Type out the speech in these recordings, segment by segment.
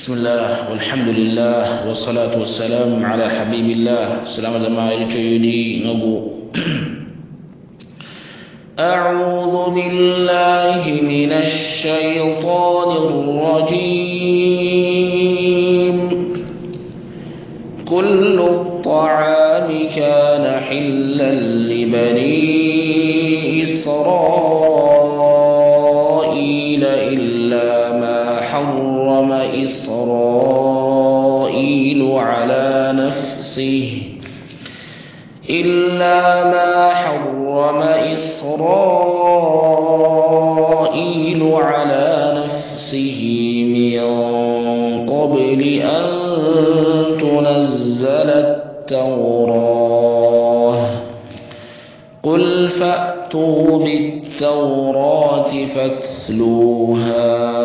بسم الله والحمد لله والصلاة والسلام على حبيب الله سلام زمائل جيدي نبو أعوذ بالله من الشيطان الرجيم كل الطعام كان حلا لبني إسرائيل إسرائيل على نفسه إلا ما حرم إسرائيل على نفسه من قبل أن تنزل التوراة قل فأتوا بالتوراة فاتلوها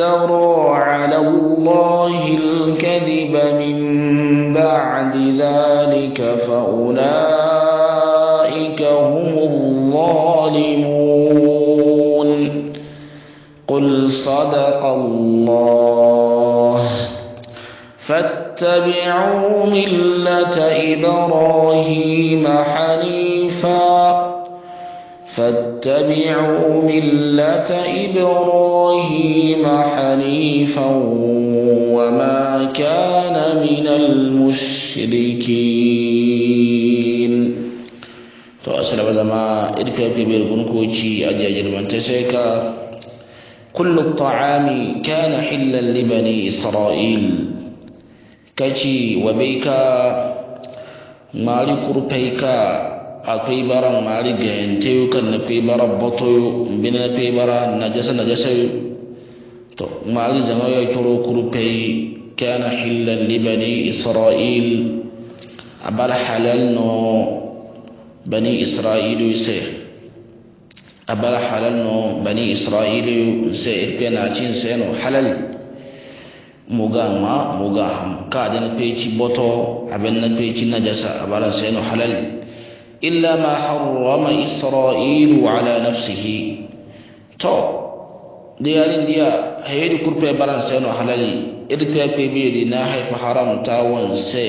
افترى على الله الكذب من بعد ذلك فأولئك هم الظالمون قل صدق الله فاتبعوا ملة إبراهيم حنيفاً فاتبعوا ملة إبراهيم حنيفا وما كان من المشركين تو أسلم زما كبير كنكوشي أجي أجل من تسيكا كل الطعام كان حلا لبني إسرائيل كشي وبيكا مالك ربيكا akwai bara mari gayanteyo kan na kai bara botoyo mbina na kwai bara najasa najasayo to mari zama ya curo kurpei kana hillan li bani isra'il abal halal no bani isra'ilu se abal halal no bani isra'ilu se ikpena cin se no halal muga ma muga ham ka da na kwai ci boto abin na kwai ci najasa abaran se no halal إلا ما حرم إسرائيل على نفسه تو ديالين ديا هيدو كربي بالانسينو حلالي إركي بيبي دي ناحي فحرام تاوان سي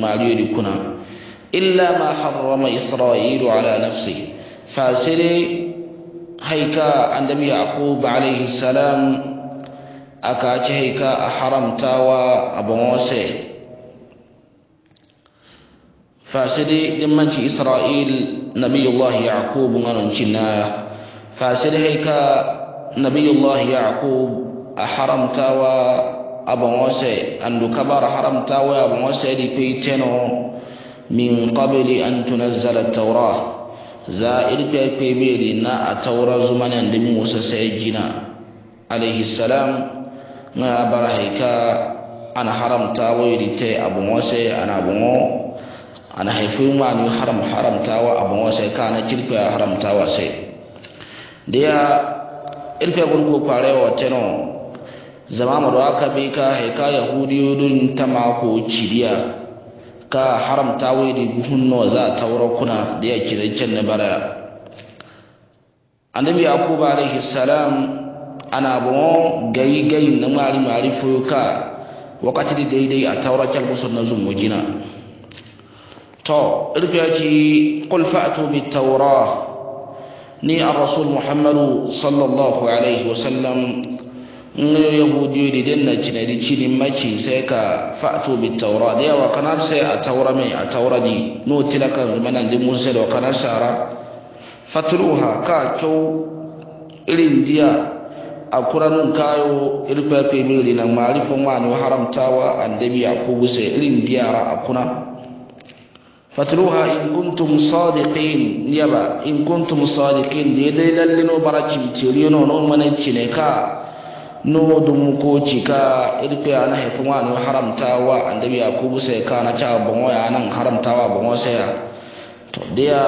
ماليو دي كنا إلا ما حرم إسرائيل على نفسه فاسري هيكا عندما يعقوب عليه السلام أكاتي هيكا أحرم تاوى أبو موسي فاسد جمانشي إسرائيل نبي الله يعقوب ونشنا فاسدي هيكا نبي الله يعقوب أحرم تاوى أبو موسى أن كبر حرم تاوى أبو موسى لكيتنو من قبل أن تنزل التوراة زائر كي بيرنا التوراة زمانا لموسى سيجنا عليه السلام نعبر برهيكا أنا حرم تاوى لتي أبو موسى أنا أبو موسى ana haifi ma ni haram haramtawa abin wasai kana kirpe haramtawa sai dia irfe gun ko kwarewa teno zama mu ka bi ka haika yahudiyo dun ta mako kiriya ka haramta wai da hunno za a taura kuna da ya na bara annabi yakuba alaihi salam ana bon gai gai na mari mari fuka wakati da daidai a taura can musu na gina. to irka ya ce qul fa'tu bit ni ar-rasul muhammadu sallallahu alaihi wasallam ne yahudiyo da danna cinari cinin mace sai ka fa'tu bit tawrah da yawa kana sai a taura mai a taura di no tilaka zamanan din musa da kana sara fatruha ka to irin diya a kuranun kayo irfafe ke mai na marifin wani haramtawa andabi a kuguse irin diyara a kuna fatluha in kuntum sadiqin yaba in kuntum sadiqin de de lallino bara cimtiri no no mane cineka no dum ko cika irpe ana hefu wani haramtawa annabi yakubu sai kana cha bongo ya nan haramtawa bongo sai ya to dia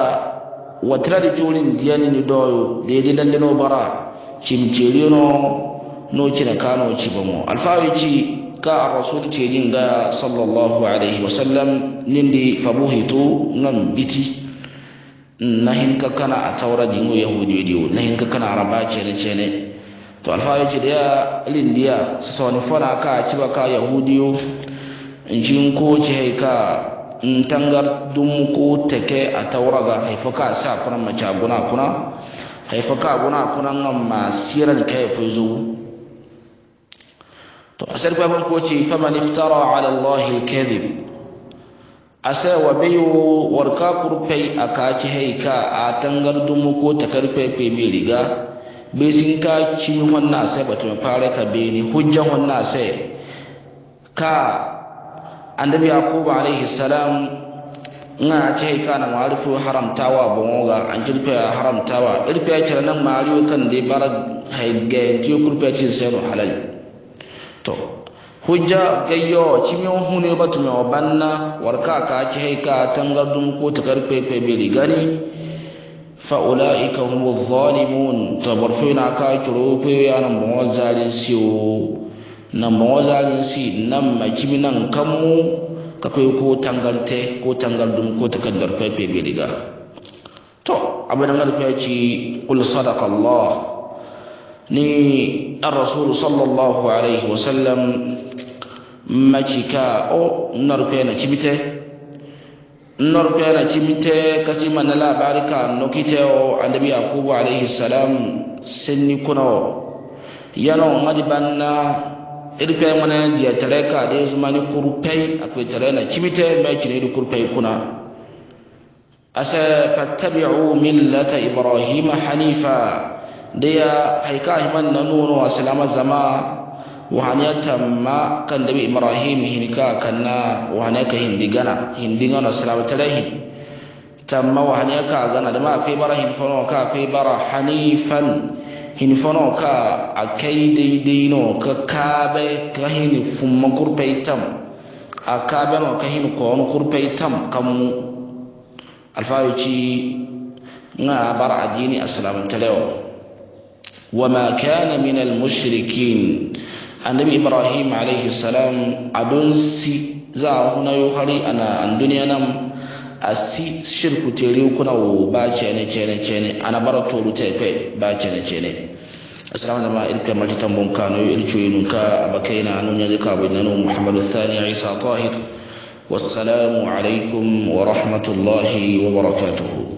watira di culin diyani ni doyo de de lallino bara cimtiri no no cineka no cibamo alfawi ci ka arrasul ceejin nga sallllahu alayhi wa sallam nindi fabuhitu nan biti hin ka kana a tawra dingo na hin ka kana araba cene cene to da ya lindiya sauni fara ka ba ka yahudiyo jin ko cehe ka tangar dum ko ke a ga hayfo ka sa kuna mace guna kuna Haifa ka guna kuna ngam ma sirani ka hayfo zuwa to asar kwa kun fa man iftara ala allahi alkadhib asa wa bayu warka kurfai ci haika a dumu ko takarfai kai mai riga bai sun ka ci wannan sai batun fara ka ni hujjan wannan sai ka annabi yakubu alaihi salam nga ce kana ma'arifu haramtawa bongoga an jirfe haramtawa irfe ya nan ma'arifu kan da barar haigayen tiyo kurfe cin sai halal to hujja gayyo cimiyon hune batume o banna warka ka cehey ka tangardum kota kar kwekwe riga gani fa ulaika hum zalimun to na ka coro ya yana bongo zalin siwo na bongo zalin si nan ma cimi nan mu ka kai ko tangarte ko ko ta karfe kwekwe beli riga to abin da kweyo ci kul sadaqallah ni ar arasulu sallallahu alaihi wasallam macika o norpe na cimite norpe na cimite kasi mana labari nokite o annabi yakubu alaihi salam senni kuna o yano ngadi banna irpe mana jiya tare ka de zumani kurpei akwai tare na cimite mai cine da kurpei kuna asa fattabi'u millata ibrahima hanifa daya haika himan na nuno wa salama zama ya tamma kan dabi ibrahim hinka kanna ya ka hindigana hindigana salama tarahi tamma ya ka gana da ma akwai bara hinfono ka akwai bara hanifan hinfono ka a kai daidai no ka kabe ka hini fumma kurfai tam a kabe no ka hini kowani kurfai tam kamu alfayoci na bara addini a salamantarewa wama kana min almushrikin annabi ibrahim alayhi salam adon si za a huna yo hari ana an duniya a si shirku tere kuna wo ba cene cene cene ana bara toru te kwe ba cene cene assalamu alaikum ilka malti tambon kano yo ilcho yinun ka abakaina anunya dika bainano muhammadu thani isa tahir wasalamu alaikum wa rahmatullahi wa barakatuhu